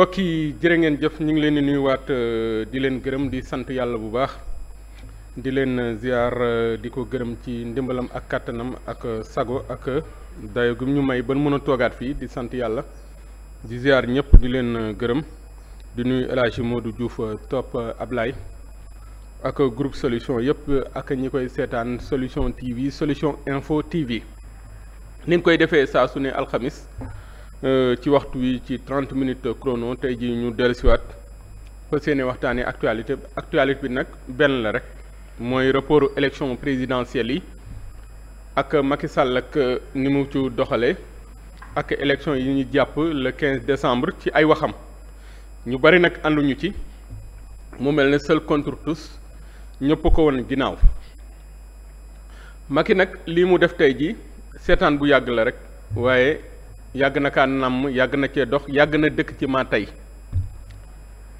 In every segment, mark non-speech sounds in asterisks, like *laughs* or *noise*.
mbokk yi jërë ngeen jëf ñu ngi leen di nuyuwaat euh, di leen gërëm di sant yàlla bu baax di leen euh, ziar euh, di ko gërëm ci ndimbalam ak kàttanam ak sago ak dayo ñu may ban mën a toogaat fii di sant yàlla di ziar ñëpp di leen gërëm di nuyu El Hadji Modou Diouf topp Ablaye ak groupe solution yëpp ak ñi koy seetaan solution TV solution info TV ni ñu koy defee saa su ne alxamis. Euh, ci waxtu wi ci trente minutes chrono tey ji ñu dellusiwaat fa seeni waxtaanee actualité actualité bi nag benn la rek mooy rapport élection présidentielle yi ak Macky Sall ak euh, ni mu ci doxalee ak élection yi ñuy jàpp le 15 décembre ci ay waxam ñu bari nag ànduñu ci mu mel ni seul contre tous ñëpp ko woon ginnaaw Macky nag lii mu def tey ji seetaan bu yàgg la rek waaye yàgg na kaa nàmm yàgg na cee dox yàgg na dëkk ci maa tey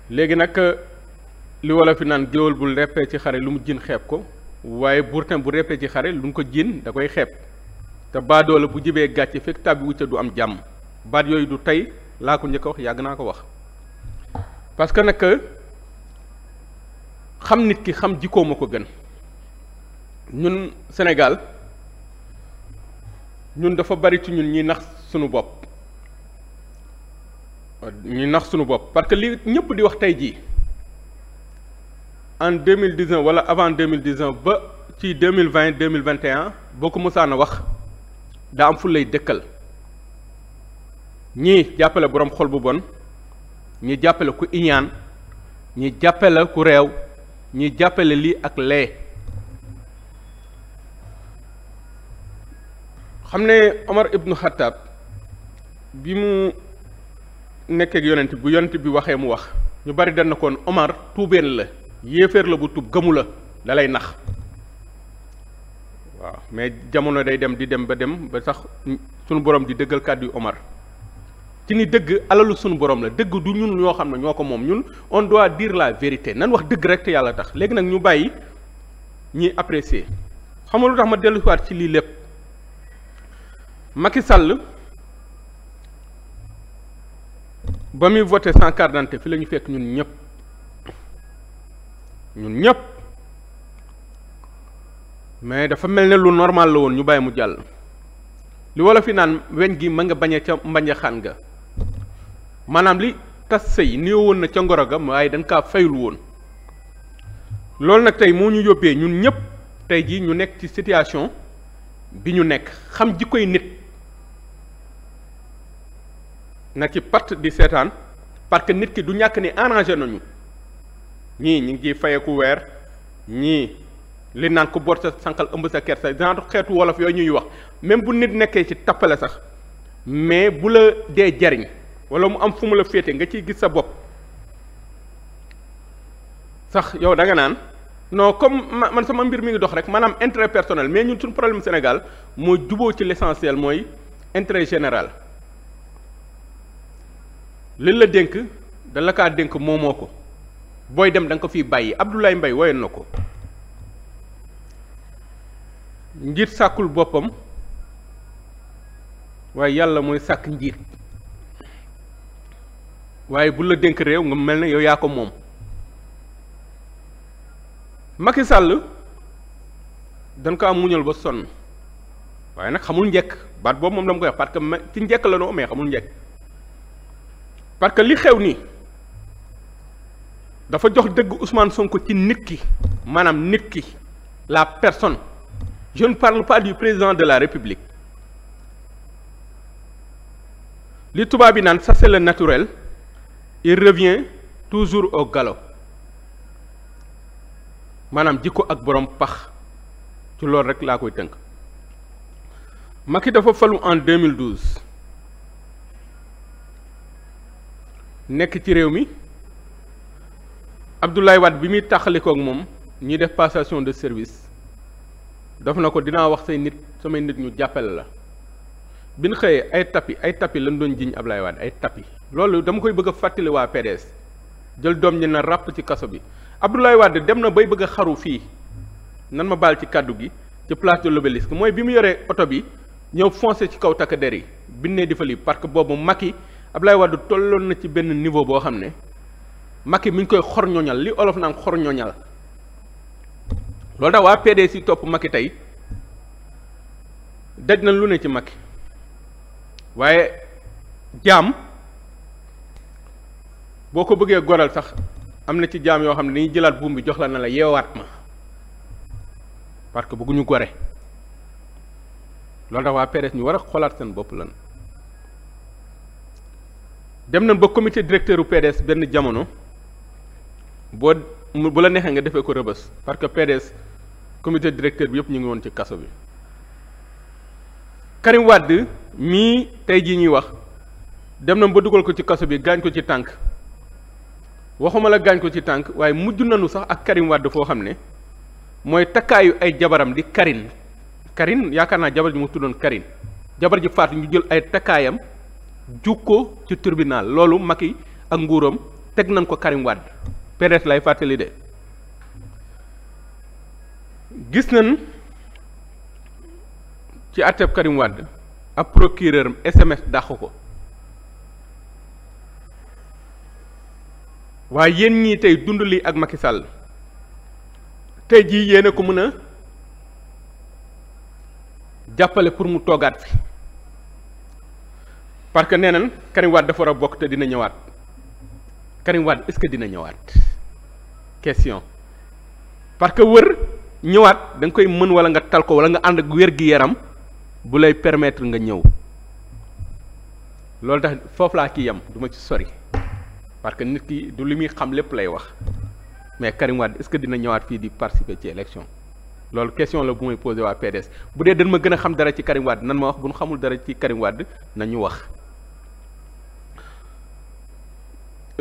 léegi nag li wala fi naan géwél bu reppee ci xare lu mu jin xeeb ko waaye burtin bu reppee ci xare lu mu ko jin da koy xeeb te baadoola bu jibee gàcce fekk tàbbi ca du am jàmm baat yooyu du tey laa ko njëkk wax yàgg naa ko wax parce que nag xam nit ki xam jikkoom a ko gën ñun Sénégal ñun dafa bari ci ñun ñuy nax sunu bopp ñuy nax suñu bopp parce que li ñëpp di wax tey jii en deux mille dix neuf wala avant deux mille dix neuf ba ci deux mille vingt deux mille vingt et boo ko musaana wax daa am fu lay dëkkal ñii jàppale boroom xol bu bon ñi jàppale ku iñaan ñi jàppale ku réew ñi jàppale lii ak lee xam ne Omar ibnu Xattaab bi mu nekk ak yonent bu yonent bi waxee mu wax ñu bari dana koon Omar tuubeen la yéeféer la bu tub gëmu la dalay nax waaw mais jamono day dem di dem ba dem ba sax sunu borom di dëggal kàddu Omar ci ni dëgg alalu sunu borom la dëgg du ñun ñoo xam ne ñoo ko moom ñun on doit dire la vérité nan wax dëgg rek te yàlla tax léegi nag ñu bàyyi ñiy apprécier xam nga lu tax ma dellusiwaat ci lii lépp. Macky Sall ba muy voté sans carte d'identité fi la ñu fekk ñun ñëpp ñun ñëpp mais dafa mel ne lu normal la woon ñu bàyyi mu jàll li wolof yi naan weñ gi ma nga bañe ca mbañe xaan ga maanaam li tas sëy néew woon na ca ngoro ga waaye dañ kaa fayul woon loolu nag tey moo ñu yóbbee ñun ñëpp tey jii ñu nekk ci situation bi ñu nekk xam jikkoy nit na ci pat di seetaan parce que nit ki du ñàkk ni arrangé nañu ñii ñu ngi ciy fayeku weer ñii li naan ko boot sa sànqal ëmb sa ker sa genre xeetu wolof yooyu ñuy wax même bu nit nekkee ci tappale sax mais bu la dee jariñ wala mu am fu mu la féete nga ciy gis sa bopp sax yow da nga naan non comme man sama mbir mi ngi dox rek maanaam intérêt personnel mais ñun suñu problème Sénégal moo juboo ci l'essentiel mooy intérêt général liñ la dénk da la dénk moomoo ko booy dem da ko fiy bàyyi Abdoulaye mbay woyoon na ko njiit sàkkul boppam waaye yàlla mooy sàkk njiit waaye bul la dénk réew nga mel na yow yaa ko moom Macky Sall dañ ko am muñal ba sonn waaye nag xamul njekk baat boobu moom la mu koy wax parce que ci njekk la noo mais xamul njekk parce que li xew nii dafa jox dëgg Ousmane Sonko ci nit ki maanaam nit ki la personne jeune ne parle pas président de la République li tubaab yi naan ça c'est le naturel il revient toujours au galaw maanaam jikko ak borom pax ci loolu rek laa koy tënk Macky dafa falu en 2012 nekk ci réew mi Abdoulaye Wade bi muy taxalikook moom ñuy def passation de service daf na ko dinaa wax say nit samay nit ñu jàppale la bin xëyee ay tappi ay tapi lañ doon jiñ Abdoulaye Wade ay tapi loolu dama koy bëgg a fàttali waa PDS jël doom ñi na ràpp ci kaso bi Abdoulaye Wade dem na bay bëgg a xaru fii nan ma baal ci kàddu gi ci place de l'Obélisque mooy bi mu yoree oto bi ñëw foncé ci kaw takk der yi binnee di fa lii parce que boobu Macky ab Abdoulaye Wade tolloon na ci benn niveau boo xam ne Macky mi ngi koy xorñoñal li olof naan xorñoñal loolu tax waa PDS yi topp Macky tey daj na lu ne ci Macky waaye jaam boo ko bëggee goral sax am na ci jaam yoo xam ne dañuy jëlaat buum bi jox la na la yeewaat ma parce que bëgguñu gore loolu tax waa PDS ñu war a xoolaat seen bopp lan dem nañ ba comité directeur u PDS benn jamono boo bu la neexee nga defee ko rëbës parce que PDS comité directeur bi yëpp ñu ngi woon ci kaso bi Karim Wade mii tey jii ñuy wax dem na ba dugal ko ci kaso bi gaañ ko ci tànk waxuma la gaañ ko ci tànk waaye mujj nañu sax ak Karim Wade foo xam ne mooy takkaayu ay jabaram di Karine karin yaakaar naa jabar ji mu tuddoon karin jabar ji faatu ñu jël ay takkaayam ko ci tribunal loolu yi ak nguuram teg nañ ko Karim Wade PDS lay fàttali de gis nañ ci àtteb Karim ab procureur SMS dàq ko waaye yéen ñii tey dund li ak Macky Sall tey jii yéen a ko mën a jàppale pour mu toogaat fi parce que nee nan Karim Wade dafa war a bokk te dina ñëwaat Karim Wade est que dina ñëwaat question parce que wër ñëwaat da koy mën wala nga tal ko wala nga ànd ak wér-gi-yaram bu lay permettre nga ñëw loolu tax foofu laa ki yem duma ci sori parce que nit ki du li muy xam lépp lay wax mais Karim Wade est-ce que dina ñëwaat fii di participer ci élection loolu question la bu may posé waa PDS bu dee dañ ma gën a xam dara ci Karim Wade nan ma wax bu ñu xamul dara ci Karim Wade nañu wax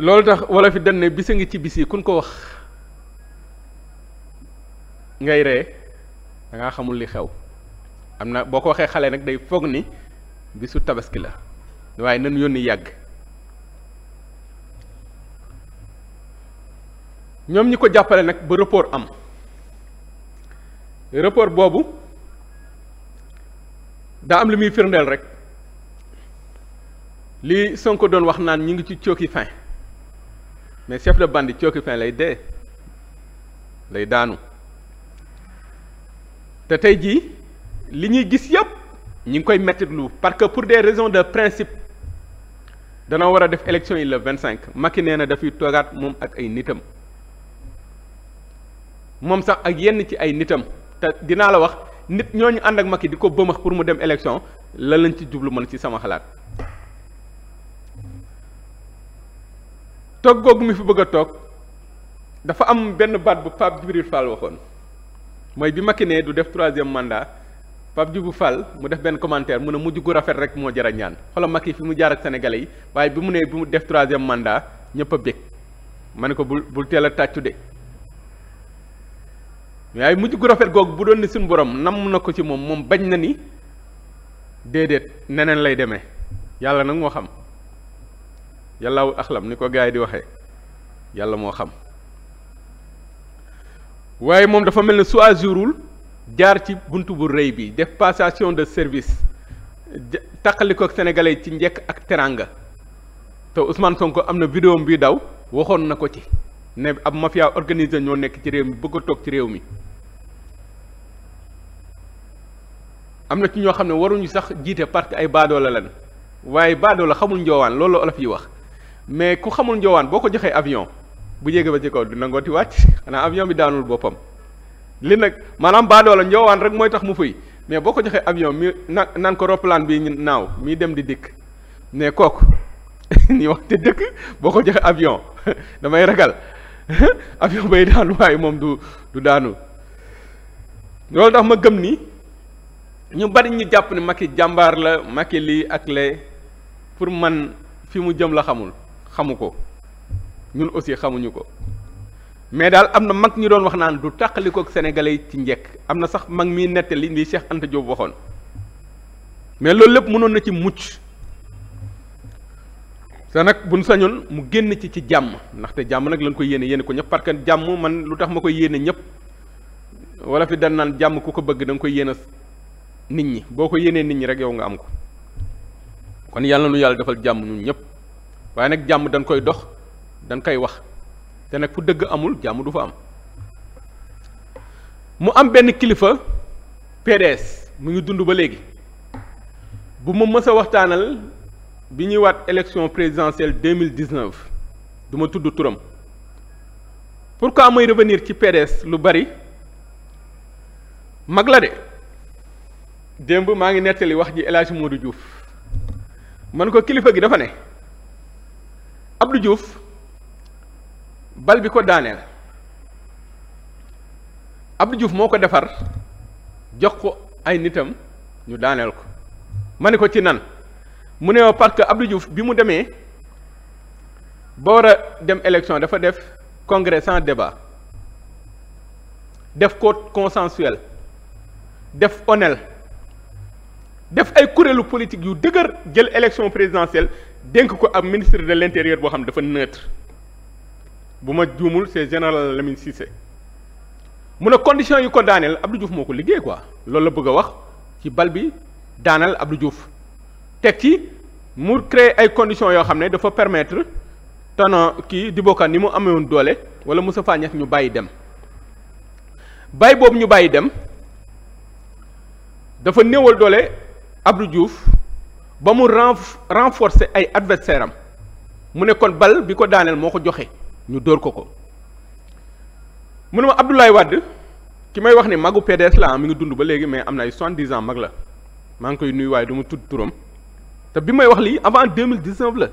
loolu tax wala fi dañ ne bisa ngi ci bis yi kun ko wax ngay ree dangaa xamul li xew am na boo ko waxee xale nag day foog ni bisu tabaski la waaye nan yónni yàgg ñoom ñi ko jàppale nag ba rapport am rapport boobu daa am li muy firndeel rek li Sonko doon wax naan ñi ngi ci cooki fin mais chef de bande cooki fin lay dee lay daanu te tey jii li ñuy gis yëpp ñi ngi koy mettitlu parce que pour des raisons de principe dana war a def élection yi la vingt cinq Macky nee na dafay toogaat moom ak ay nitam moom sax ak yenn ci ay nitam te dinaa la wax nit ñooñu ànd ak Macky di ko bëmax pour mu dem élection lan lañ ci jublu man ci sama xalaat toog googu mi fi bëgg a toog dafa am benn baat bu Pape Djibril Fall waxoon mooy bi Macky nee du def troisième mandat Pape Djibril Fall mu def benn commentaire mu ne mujj gu rafet rek moo jar a ñaan xoolal Macky fi mu jaar ak sénégalais yi waaye bi mu ne bi def troisième mandat ñëpp a bég ma ne ko bul bul teel a tàccu de waaye mujj gu rafet googu bu doon ni suñu borom nam na ko ci moom moom bañ na ni déedéet neneen lay demee yàlla nag moo xam. yàllaawul axlam ni ko gars di waxee yàlla moo xam waaye moom dafa mel ne choisirul jaar ci bunt bu rëy bi def passation de service taqali ko ak ci njëkk ak teranga te Ousmane Sonko am na vidéo bi daw waxoon na ko ci ne ab mafia organisé ñoo nekk ci réew mi bëgg a toog ci réew mi am na ci ñoo xam ne waruñu sax jiite parce que ay baadoola lan waaye baadoola xamul njoowaan loolu olof yi wax mais ku xamul njowaan boo ko joxee avion bu yéege ba ci kaw du nangooti wàcc xanaa avion bi daanul boppam li nag maanaam baadoola njowaan rek mooy tax mu fuy mais boo ko joxee avion mi na naan ko roppalaan bi naaw mii dem di dikk mais kooku ni *laughs* wax te dëkk boo ko joxee avion *laughs* damay ragal *laughs* avion bay daanu waaye moom du du daanu loolu tax ma gëm ni ñu bari ñu jàpp ne Macky jàmbaar la Macky lii ak lee pour man fi mu jëm la xamul xamu ko ñun aussi xamuñu ko mais daal am na mag ñu doon wax naan du tàqalikook sénégalais ci njekk am na sax mag miy nettali li Cheikh Anta waxoon mais loolu lépp mënoon na ci mucc te nag buñ sañoon mu génn ci ci jàmm ndaxte jàmm nag lañ koy yéene yéene ko ñëpp parce que jàmm man lu tax ma ko yéene ñëpp wala fi dan naan jàmm ku ko bëgg da nga koy yéene nit ñi boo ko yéenee nit ñi rek yow nga am ko kon yàlla nu yàlla defal jàmm ñun ñëpp waaye nag jàmm dañ koy dox dañ koy wax te nag fu dëgg amul jàmm du fa am mu am benn kilifa PDS mu ngi dund ba léegi bu ma mës waxtaanal bi ñuy waat élection présidentielle deux mille dix-neuf du ma tudd turam pourquoi mooy revenir ci PDS lu bari mag la de démb maa ngi nettali wax ji El Hadj Modou Diouf man ko kilifa gi dafa ne. Abdou Diouf bal bi ko daaneel Abdou moo ko defar jox ko ay nitam ñu daaneel ko ma ne ko ci nan mu ne parce que Abdou bi mu demee ba war a dem élection dafa def congrès sans débat def code consensuel def onel def ay kuréelu politique yu dëgër jël élection présidentielle dénk ko ab ministre de l'intérieur boo xam ne dafa neutre bu ma juumul c'est général Lamine Cissé mu ne condition yi ko daaneel Abdou juuf moo ko liggéey quoi loolu la bëgg a wax ci bal bi daanal Abdou Diouf teg ci mu créer ay conditions yoo xam ne dafa permettre Tanor kii Diboka ni mu amewoon doole wala Moustapha Niasse ñu bàyyi dem bàyyi boobu ñu bàyyi dem dafa néewal doole Abdou juuf ba mu renforcer ay adversaire am mu ne kon bal bi ko daaneel moo ko joxe ñu dóor ko ko mu ne ma Abdoulaye Wade ki may wax ni magu PDS la mi ngi dund ba léegi mais am na ay soixante-dix ans mag la maa ngi koy nuyu waaye du ma tudd turam te bi may wax lii avant deux mille dix-neuf la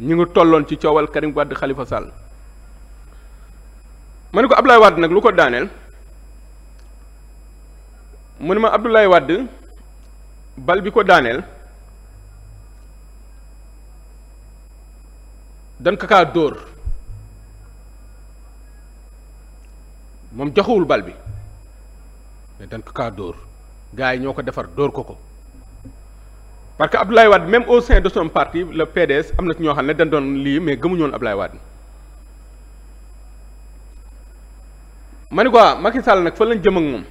ñu ngi tolloon ci coowal Karim Wade Khalifa Sall mu ne ko Abdoulaye wàdd nag lu ko daaneel mu ne ma Abdoulaye Wade bal bi ko daaneel dañ ko kaa dóor moom joxewul bal bi mais dan ko kaa dóor gars yi ñoo ko defar dóor ko ko parce que Abdoulaye Wade même au sein de son parti le PDS am na ci ñoo xam ne dañ doon lii mais gëmuñoon Abdoulaye Wade ma ni quoi ah, Macky nag fa lañ jëm ak moom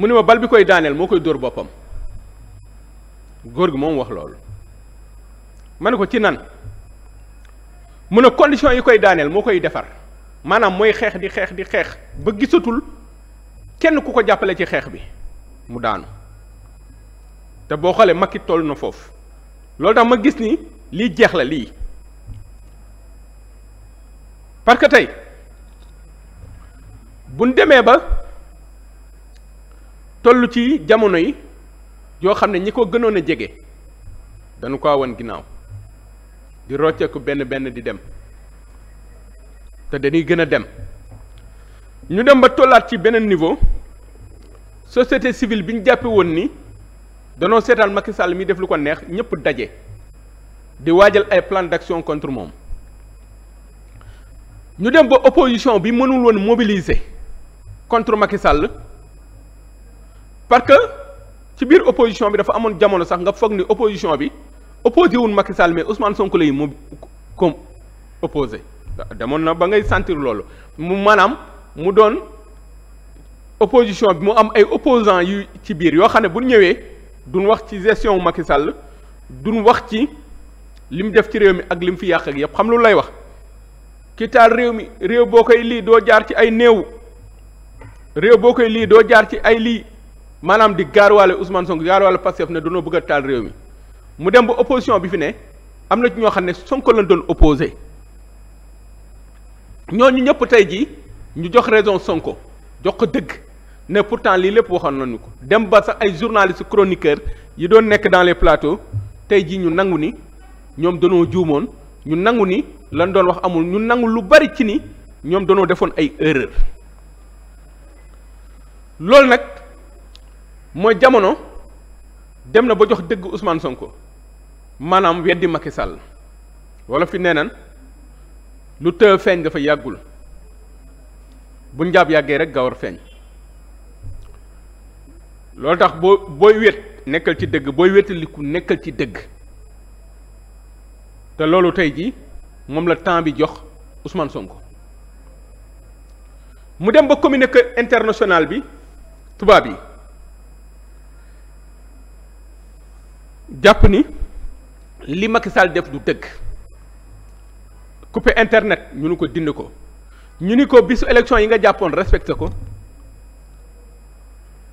mu ni ma bal bi koy daaneel moo koy dóor boppam góor gi moom wax loolu ma ne ko ci nan mu ne condition yi koy daaneel moo koy defar maanaam mooy xeex di xeex di xeex ba gisatul kenn ku ko jàppale ci xeex bi mu daanu te boo xoolee makki toll na foofu loolu tax ma gis ni lii jeex la lii parce que tey buñ demee ba toll ci jamono yi yoo xam ne ñi ko gënoon a jege dañu ko won ginnaaw di rocceeku benn benn di dem te dañuy gën a dem ñu dem ba tollaat ci beneen niveau société civile bi ñu jàppe woon ni danoo seetaan Macky Sall mi def lu ko neex ñëpp daje di waajal ay plan d'action contre moom ñu dem ba opposition bi mënul woon mobiliser contre Macky parce que ci biir opposition bi dafa amoon jamono sax nga foog ni opposition bi opposé wun Macky Sall mais Ousmane Sonko lay moom comme opposé demoon na ba ngay sentir loolu mu maanaam mu doon opposition bi mu am ay opposants yu ci biir yoo xam ne bu ñëwee duñ wax ci gestion Macky Sall duñ wax ci li mu def ci réew mi ak li mu fi yàq ak yëpp xam lu lay wax ki taal réew mi réew boo koy lii doo jaar ci ay néew réew boo koy lii doo jaar ci ay lii maanaam di gaaruwaale Ousmane Sonko gaaruwaale Pastef ne dañoo bëgg a taal réew mi mu dem ba opposition bi fi ne am na ci ñoo xam ne Sonko lañ doon opposé ñooñu ñëpp tey jii ñu jox raison Sonko jox ko dëgg ne pourtant lii lépp waxoon nañu ko dem ba sax ay journalistes chroniqueurs yi doon nekk dans les plateaux tey jii ñu nangu ni ñoom danoo juumoon ñu nangu ni lan doon wax amul ñu nangu lu bari ci ni ñoom danoo defoon ay erreur loolu nag. mooy jamono dem na ba jox dëgg usmaan Sonko maanaam weddi Macky Sall wala fi nee nan lu tëë feeñ dafa yàggul bu njaab yàggee rek gawar feeñ loolu tax boo booy wét nekkal ci dëgg booy wétaliku nekkal ci dëgg te loolu tey ji moom la temps bi jox Ousmane Sonko mu dem ba communiqué international bi tubaab yi jàpp ni li Macky Sall def du dëgg coupé internet ñu ni ko dind ko ñu ni ko bisu élection yi nga jàppoon respecté ko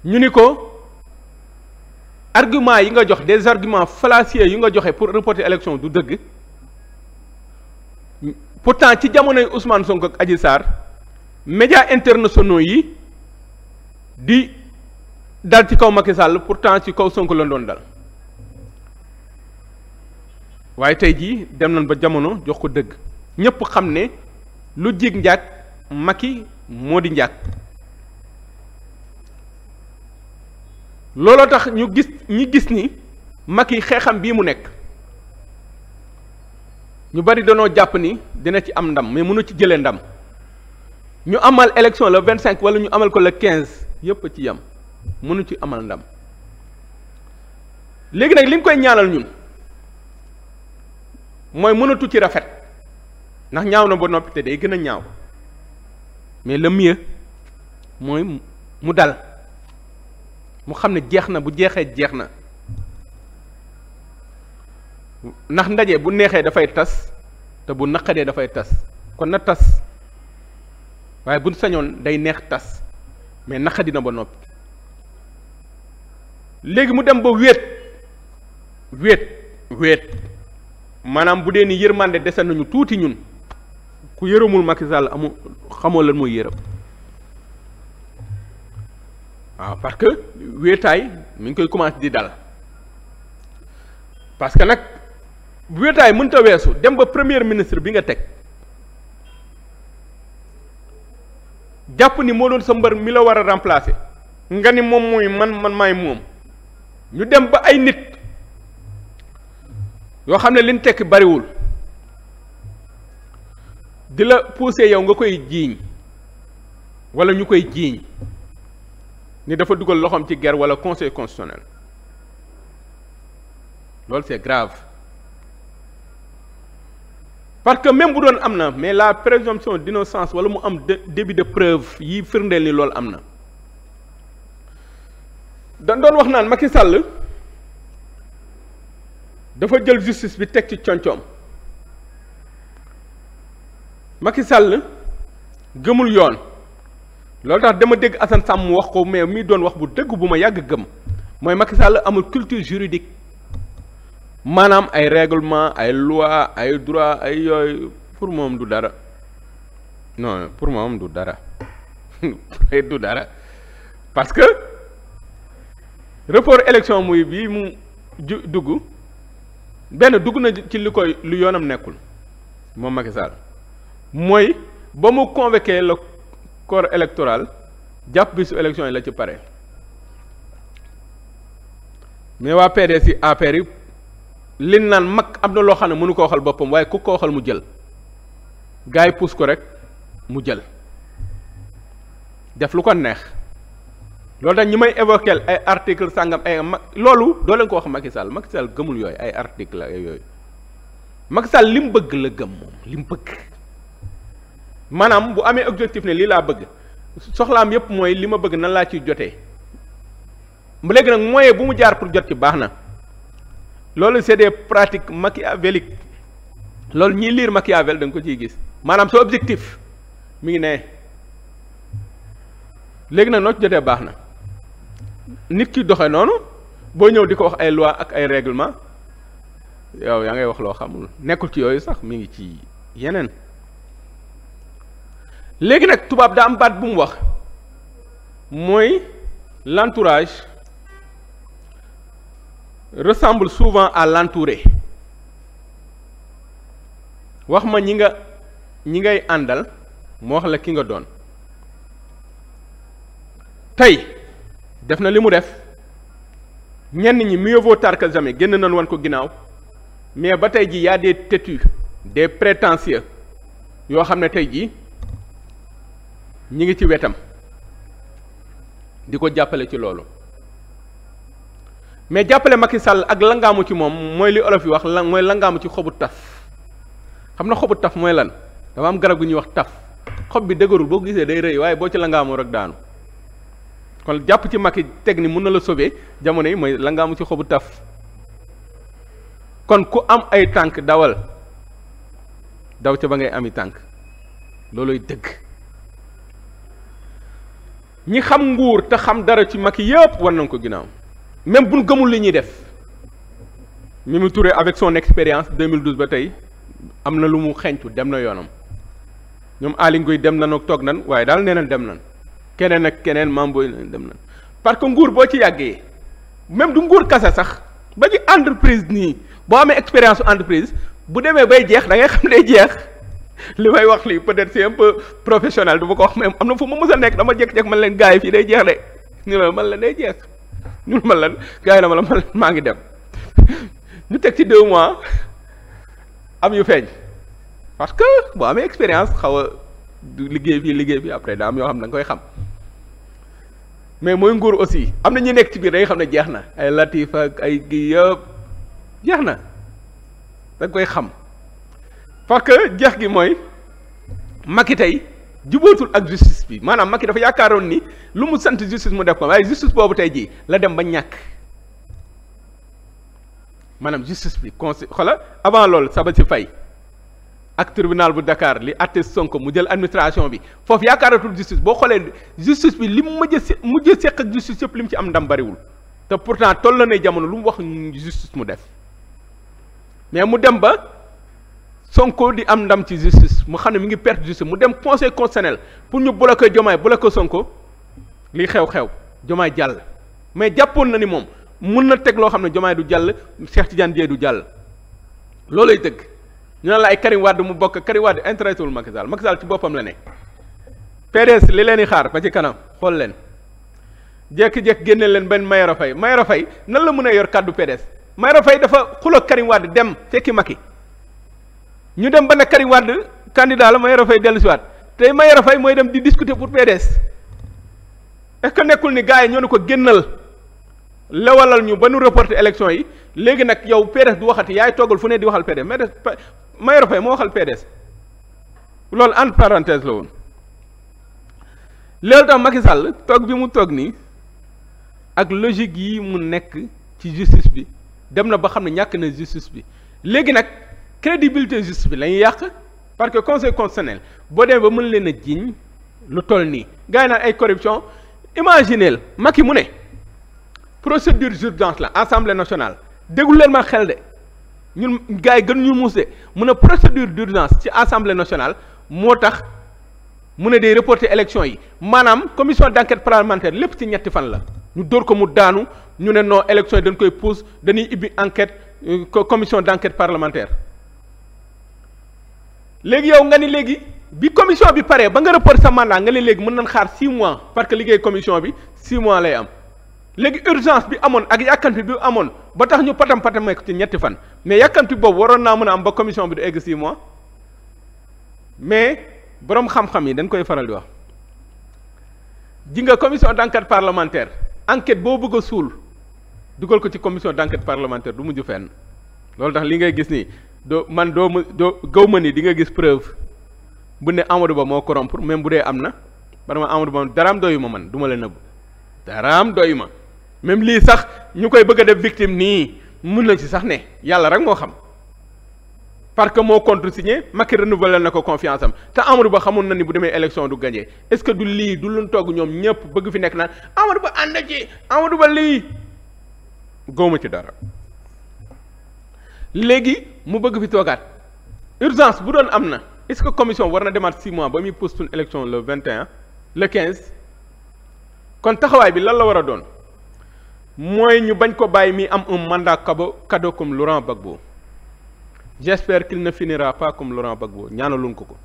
ñu ni ko argument yi nga jox des arguments fallacieux yi nga joxe pour reporter élection du dëgg pourtant ci jamonoy Ousmane sonk ak Adji saar médias internationaux yi di dal ci kaw Macky Sall pourtant ci kaw sonk la doon dal waaye tey jii dem nañ ba jamono jox ko dégg ñépp xam ne lu jig njaag Macky moo di njaag looloo tax ñu gis ñi gis ni Macky xeexam bii mu nekk ñu bari danoo jàpp ni dina ci am ndam mais mënu ci jëlee ndam ñu amal élection le vingt cinq wala ñu amal ko le quinze yépp a ci yam mënu ci amal ndam léegi nag li ñu koy ñaanal ñun mooy mënatu ci rafet ndax ñaaw na ba noppi te day gën a ñaaw mais le mieux mooy mu dal mu xam ne jeex na bu jeexee jeex na ndax ndaje bu neexee dafay tas te bu naqadee dafay tas kon na tas waaye bu sañoon day neex tas mais naqadi na ba noppi léegi mu dem ba wéet wéet wéet maanaam bu dee ni yërmande dese nañu tuuti ñun ku yërëmul Macky Sall amu xamoo lan mooy yërëm waaw parce que wéetaay mi ngi koy commencé di dal parce que nag wéetaay mënta weesu dem ba première ministre bi nga teg jàpp ni moo doon sa mbër mi la war a remplacer nga ni moom mooy man man may moom ñu dem ba ay nit yoo xam ne liñ tekk bariwul di la pousser yow nga koy jiiñ wala ñu koy jiiñ ni dafa dugal loxoom ci guerre wala conseil constitutionnel loolu c'est grave parce que même bu doon am na mais la dino d'innocence wala mu am début de preuve yi firndeel ni loolu am na dañ doon wax naan Macky Sall dafa jël justice bi teg ci concoom Macky Sall gëmul yoon loolu tax dama dégg Assane Sàmm mu wax ko mais mi doon wax bu dëgg bu ma yàgg gëm mooy Macky Sall amul culture juridique maanaam ay règlement ay loi ay droit ay yooyu pour moom du dara no pour moom du dara *laughs* du dara parce que report élection muy bii mu ju dugg benn dugg na ci li koy lu yoonam nekkul moom Macky Sall mooy ba mu convoqué le corps électoral jàpp bisu élection yi la ci pare mais waa PDS si APR yi lin naan mag am na loo xam ne mënu ko waxal boppam waaye ku ko waxal mu jël gars yi puus ko rek mu jël def lu ko neex loolu tax ñi may évoqué ay article sàngam ay mag loolu doo leen ko wax Macky Sall Macky Sall gëmul yooyu ay article ay yooyu Macky Sall li mu bëgg la gëm moom li mu bëgg maanaam bu amee objectif ne lii laa bëgg soxlaam yépp mooy li ma bëgg nan laa ciy jotee bu léegi nag moyen bu mu jaar pour jot ci baax na loolu c'est des pratiques machiavéliques loolu ñiy liir Machiavel danga ko ciy gis maanaam sa objectif mi ngi ne léegi nag noo ci jotee baax na nit ki doxe noonu boo ñëw di ko wax ay loi ak ay réglement yow yaa ngay wax loo xamul nekkul ci yooyu sax mu ngi ci yeneen léegi nag tubaab daa am baat bu mu wax mooy l'entourage resemble souvent à l'entouré wax ma ñi nga ñi ngay àndal moo wax la ki nga doon tey def na li mu def ñenn ñi mieux vaut tard que jamais génn nañ wan ko ginnaaw mais ba tey ji y a des têtus des yoo xam ne tey jii ñi ngi ci wetam di ko jàppale ci loolu mais jàppale Macky Sall ak langaamu ci moom mooy li olof yi wax lan mooy langaamu ci xobu taf xam na xobu taf mooy lan dama am garab gu ñuy wax taf xob bi dëgërul boo ko gisee day rëy waaye boo ci langaamoo rek daanu kon jàpp ci Macky teg ni mën na la sobee jamono yi mooy la nga ci xobu taf kon ku am ay tànk dawal daw ca ba ngay ami tànk looloy dëgg ñi xam nguur te xam dara ci mag yëpp war nañ ko ginnaaw même buñ gëmul li ñuy def Mimi Touré avec son expérience 2012 ba tey am na lu mu xencu dem na yoonam ñoom Aly Ngouille dem nañu toog nan waaye daal nee dem nan keneen ak keneen maam booy dem na parce que nguur boo ci yàggee même du nguur kase sax ba ci entreprise nii boo amee expérience entreprise bu demee bay jeex da *laughs* xam day jeex li may wax lii peut-être c'est un peu professionnel dama ko wax même am na fu ma mës a nekk dama jékki-jékki man leen gars yi fii day jeex de ñu la man la day jeex ñu man leen gars yi ma la man maa ngi dem ñu teg ci deux mois am yu feeñ parce que boo amee expérience xaw a liggéey fii liggéey fii après am yoo xam da nga koy xam mais mooy nguur aussi am na ñi nekk ci biir da xam ne jeex na ay latif ak ay gi yëpp jeex na da koy xam parce que jeex gi mooy Macky tey jubootul ak justice bi maanaam Macky dafa yaakaaroon ni lu mu sant justice mu def ko waaye justice boobu tey jii la dem ba ñàkk maanaam justice bi consi xola avant loolu saba si fay ak tribunal bu Dakar li àtte Sonko mu jël administration bi foofu yaakaaratul justice boo xoolee justice bi li mu mujj a mujj a seq ak justice yëpp li mu ci am ndam bariwul te pourtant toll na ne jamono lu mu wax justice mu def mais mu dem ba Sonko di am ndam ci justice mu xam ne mi ngi perte justice mu dem conseil constitutionnel pour ñu bloquer Diomaye bloquer Sonko li xew-xew Diomaye jàll mais jàppoon na ni moom mun na teg loo xam ne Diomaye du jàll Cheikh Tidiane Dièye du jàll loolay dëgg. ñu la ay Karim Wade mu bokk Karim Wade intéressé wul Macky Sall Macky Sall ci boppam la ne PDS li leen di xaar ba ci kanam xool leen jékki-jékki génne leen benn Mayoro Faye Mayoro Faye nan la mën a yor kàddu PDS Mayoro Faye dafa xuloo Karim Wade dem fekki yi ñu dem ba ne Karim Wade candidat la Mayoro Faye dellusiwaat tey Mayoro Faye mooy dem di discuter pour PDS est nekkul ni gars yi ñoo ne ko génnal lewalal ñu ba nu reporter élection yi léegi nag yow PDS du waxati yaay toggal fu ne di waxal PDS mais Mayoro Faye moo waxal PDS loolu entre parenthèse la woon loolu tax Macky Sall toog bi mu toog nii ak logique yi mu nekk ci justice bi dem na ba xam ne ñàkk na justice bi léegi nag crédibilité justice bi la yàq parce que conseil constitutionnel boo demee ba mën leen a jiñ lu toll nii gars yi naan ay corruption imagineel Macky mu ne procédure d'urgence la assemblée nationale déglu leen ma xel de ñun gars yi gën ñu muuse mu ne procédure d'urgence ci assemblée nationale moo tax mu ne day reporter élection yi maanaam commission d'enquête parlementaire lépp ci ñetti fan la ñu dóor ko mu daanu ñu ne non élection yi dañ koy pousse dañuy ibbi enquête euh, commission d'enquête parlementaire léegi yow nga ni léegi bi commission bi paree ba nga reporter sa mandat nga ne léegi mën nañ xaar six mois parce que liggéey commission bi six mois lay am léegi urgence bi amoon ak yàkkamti bi amoon ba tax ñu patam patamee ko ci ñetti fan mais yàkkanti boobu waroon naa mën a am ba commission bi du egg six mois mais boroom xam-xam yi dañ koy faral di wax ji nga commission d'enquête parlementaire enquête boo bëgg a suul dugal ko ci commission d'enquête parlementaire du mujj fenn loolu tax li ngay gis nii doo man doo ma doo gaw ma ni di nga gis preuve bu ne Amadou Ba moo corrompre même bu dee am na man ma Amadou Ba daraam doyu ma man du ma la nëbb daraam doyu ma même lii sax ñu koy bëgg def victime nii mun nañ ci sax ne yàlla rek moo xam parce que moo contresigné Macky renouvelé na ko confiance am te Amadou Ba xamoon na ni bu demee élection du gagné est-ce que du lii du luñ togg ñoom ñëpp bëgg fi nekk naan Amadou Ba ànd ci Amadou Ba lii góoma ci dara léegi mu bëgg fi toogaat urgence bu doon am na est-ce que commission war na demaat six mois ba muy postune élection le vingt et un le quinze kon taxawaay bi lan la war a doon mooy ñu bañ ko bàyyi mi am un mandat kabo cadeau comme Laurent Gbagbo j'espère qu'il na finira pas comme Laurent boo ñaanaluñ ko ko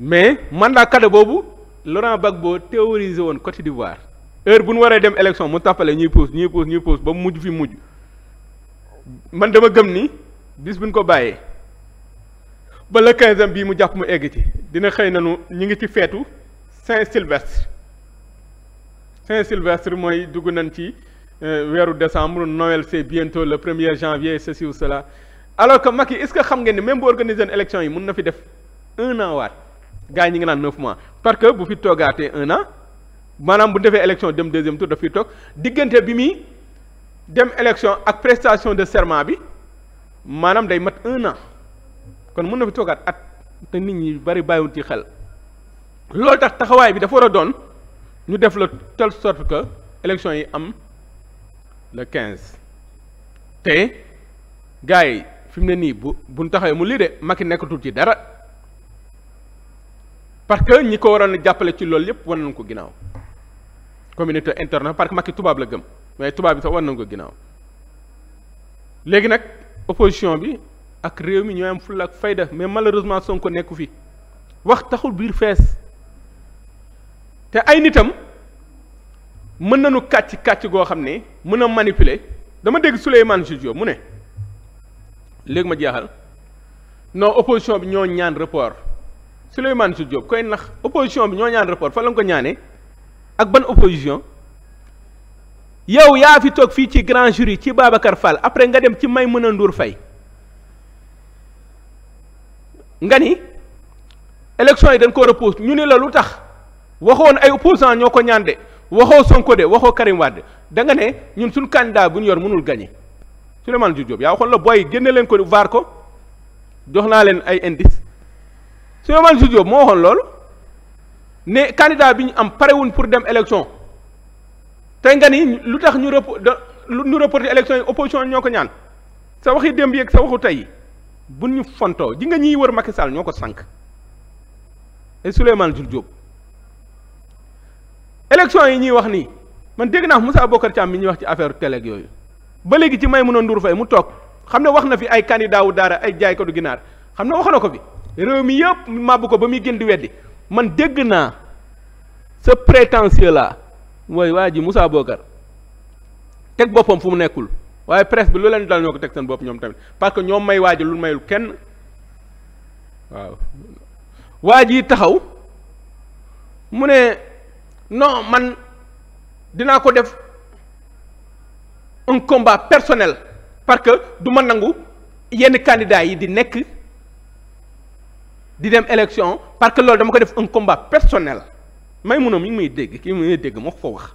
mais mandat cadeau boobu Laurent boo théorisé woon Côte d'Ivoire heure bu ñu waree dem élection mu tàppale ñuy pose ñuy pousse ñuy pousse ba mu mujj fi mujj man dama gëm ni bis bu ñu ko bàyyee ba le quinzième bii mu jàpp mu egg ci dina xëy na ñu ngi ci feetu Saint-Sylvestre Saint-Sylvestre mooy dugg nañ ci euh, weeru décembre Noël c'est bientôt le premier janvier ceci ou cela alors que Macky est-ce que xam ngeen ni même bu organiser élection yi mun na fi def un an waat gars yi ñu ngi naan neuf mois parce que bu fi toogaatee un an maanaam bu defee élection dem deuxième tour daf fi toog diggante bi muy dem élection ak prestation de serment bi maanaam day mat un an kon mun na fi toogaat at te nit ñi bari bàyyiwul ci xel loolu tax taxawaay bi dafa a doon. ñu def la telle sorte que élection yi am le quinze te gars yi fi mu ne nii bu buñ taxawee mu lii de Macky nekkatul ci dara parce que ñi ko waroon a jàppale ci loolu yépp wan nañ ko ginnaaw communauté internationale parce que Macky tubaab la gëm mais tubaab bi sax war nañ ko ginnaaw léegi nag opposition bi ak réew mi ñooy am fulla ak fayda mais malheureusement Sonko nekku fi wax taxul biir fees te ay nitam mën nañu kàcc kàcc goo xam ne mën a manipuler dama dégg Souleymane Jules Diop mu ne léegi ma jeexal noo opposition bi ñoo ñaan report Souleymane Jules Diop koy nax opposition bi ñoo ñaan report fa la ko ñaane ak ban opposition yow yaa fi toog fii ci grand jury ci Babacar Fall après nga dem ci may mën a Ndour Faye nga ni élection yi dañ ko repousse ñu ne la lu tax. waxoon ay opposant ñoo ko ñaan de waxoo Sonko de waxoo Karim Wade da nga ne ñun suñ candidat bu ñu yor mënul gagné Souleymane Jules Diop yaa waxoon la booy génne leen ko vaar ko jox naa leen ay indice Souleymane Jules Diop moo waxoon loolu ne candidat bi ñu am parewuñ pour dem élection tey nga ni lu tax ñu rep ñu reporté élection yi opposition ñoo ko ñaan sa waxi démb yeeg sa waxu tey bu ñu fontoo ji nga ñiy wër Macky Sall ñoo ko sànq et Souleymane Jules élection yi ñuy wax nii man dégg naa Moussa Bocar Thiam mi ñuy wax ci affaire teleg ak yooyu ba léegi ci may mën a ndur fay mu toog xam ne wax na fi ay candidat wu daara ay jaaykatu ginaar xam ne wax na ko fi réew mi yëpp màbb ko ba muy gën di weddi man dégg naa sa prétentieux la mooy waa ji Moussa Bocar teg boppam fu mu nekkul waaye presse bi lu leen dal ñoo ko teg seen bopp ñoom tamit parce que ñoom may waa ji lu mayul kenn waaw waa ji taxaw mu ne. non man dinaa ko def un combat personnel parce que du ma nangu yenn candidats yi di nekk di dem élection parce que loolu dama ko def un combat personnel may munoon mi ngi may dégg kii muy dégg moo ko fa wax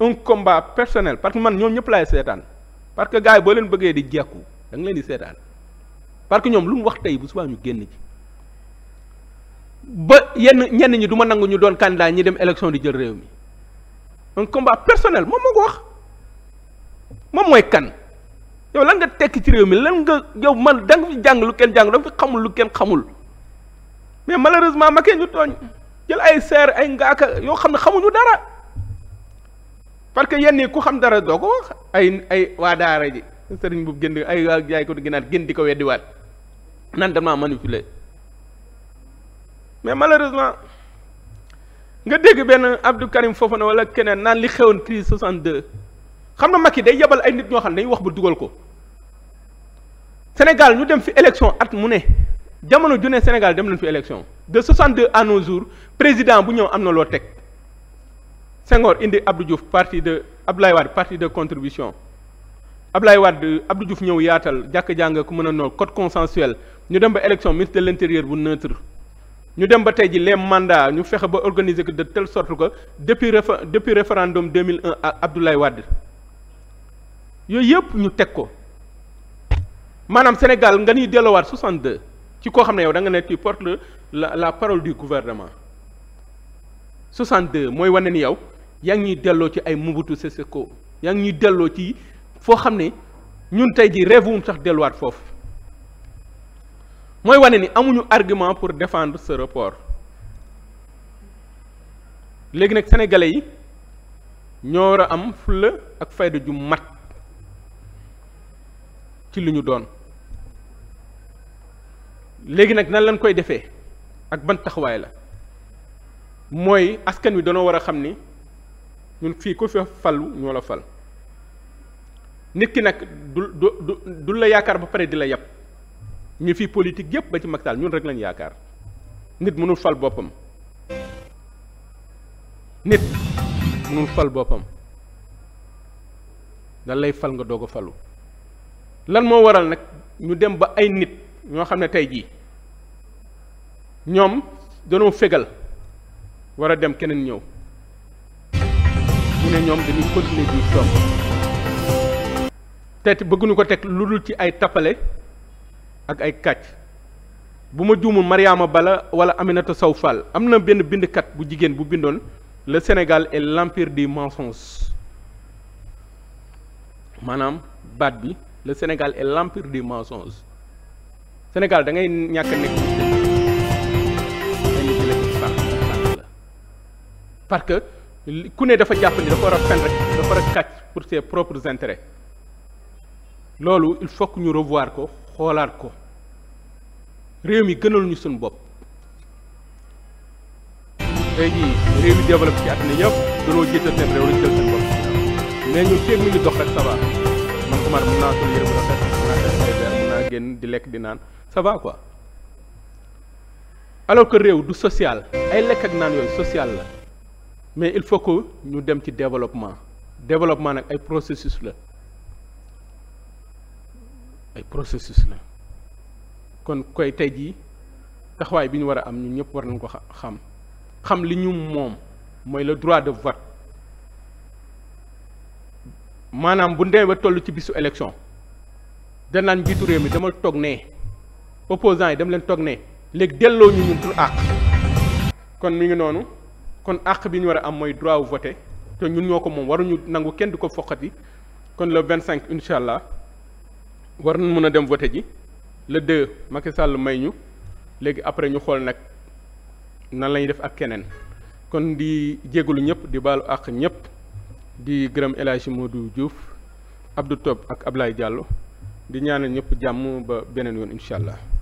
un combat personnel parce que man ñoom ñëpp laay seetaan parce que gars yi boo leen bëggee di jekku da leen di seetaan parce que ñoom lu mu wax tey bu subaa ñu génn ci ba yenn ñenn ñi duma nangu ñu doon candidat ñi dem élection di jël réew mi un combat personnel moom ma ko wax moom mooy kan yow lan nga tekki ci réew mi lan nga yow man danga nga fi jàng lu kenn jàng da nga fi xamul lu kenn xamul mais malheureusement ma kee ñu tooñ jël ay seer ay ngaaka yoo xam ne xamuñu dara parce que yenn yi xam dara doo ko ay ay waa daara ji sëriñ bu gën ay jaay ko gënaat gën di ko weddiwaat nan dama manipuler mais malheureusement nga dégg benn Abdou foofu na wala keneen naan li xewoon crise de xam na Macky day yebal ay nit ñoo xam ne dañu wax ba dugal ko Sénégal ñu dem fi élection at mu ne jamono ju ne Sénégal dem nañ fi élection de 62 à nos jours président bu ñëw am na loo teg Senghor indi Abdou parti de Abdoulaye Wade parti de contribution Abdoulaye Wade Abdou Diouf ñëw yaatal jàkk jàng ku mën a nool code consensuel ñu dem ba élection ministre de l'intérieur bu neutre ñu dem ba tey ji lee mandats ñu fexe ba organiser que de telle sort que depuis réfé depuis référendum 2001 ak Abdoulaye Wade yëpp ñu teg ko maanaam Sénégal nga ñuy delloowaat de ci koo xam ne yow da nga ne tu porte la la parole du gouvernement 62 mooy wane ni yow yaa ngi ñuy delloo ci ay Mobutu Sese Ko yaa ngi ñuy delloo ci foo xam ne ñun tey ji rêve sax delluwaat foofu. mooy wane ni amuñu argument pour défendre ce report léegi nag sénégalais yi ñoo war a am fulla ak fayda ju mat ci li ñu doon léegi nag nan lañ koy defee ak ban taxawaay la mooy askan wi danoo war a xam ni ñun fii ku fi falu ñoo la fal nit ki nag du du du la yaakaar ba pare di la yàpp ñu fi politique yépp ba ci Macky Sall ñun rek lañ yaakaar nit mënul fal boppam nit mënul fal boppam dan lay fal nga doog a falu lan moo waral nag ñu dem ba ay nit ñoo xam ne tey jii ñoom danoo fegal war a dem keneen ñëw mu ne bëgguñu ko teg lu dul ci ay tappale ak ay kàcc bu ma juumul Mariama Bala wala Aminata Sow Fall am na benn bindkat bu jigéen bu bindoon le Sénégal est l'empire du mensonge maanaam baat bi le Sénégal et l'empire du mensonge Sénégal da ngay ñàkk nekk parce que ku ne dafa jàpp dafa war a fen rek dafa war a kàcc pour ses propres intérêts loolu il faut ñu revoir ko xoolaat ko réew mi gënal ñu suñu bopp tey jii réew yi développé ci àddina yëpp dañoo jiital seen réew lañu jël seen bopp mais ñu feeg mi dox rek ça va man Omar mën naa sol yëre bu naa génn di lekk di naan ça va quoi alors que réew du social ay lekk ak naan yooyu social la mais il faut que ñu dem ci développement développement nag ay processus la ay processus la kon koy tey jii taxawaay bi ñu war a am ñu ñëpp war nañ ko xam xam li ñu moom mooy le droit de vote maanaam bu ndee ba toll ci bisu élection danaan njiitu réew mi dama toog ne opposants yi dama leen toog ne léegi delloo ñu ñun tur àq kon mi ngi noonu kon àq bi ñu war a am mooy droit wu vote te ñun ñoo ko moom waruñu nangu kenn du ko foqati kon le vingt cinq incha allah war nañ mën a dem voté ji le 2 Macky Sall may ñu léegi après ñu xool nag nan la def ak keneen kon di jégalu ñëpp di baalu àq ñëpp di gërëm El Hadji Modou Diouf Abdou Top ak Ablaye Diallo di ñaanal ñëpp jàmm ba beneen yoon incha allah.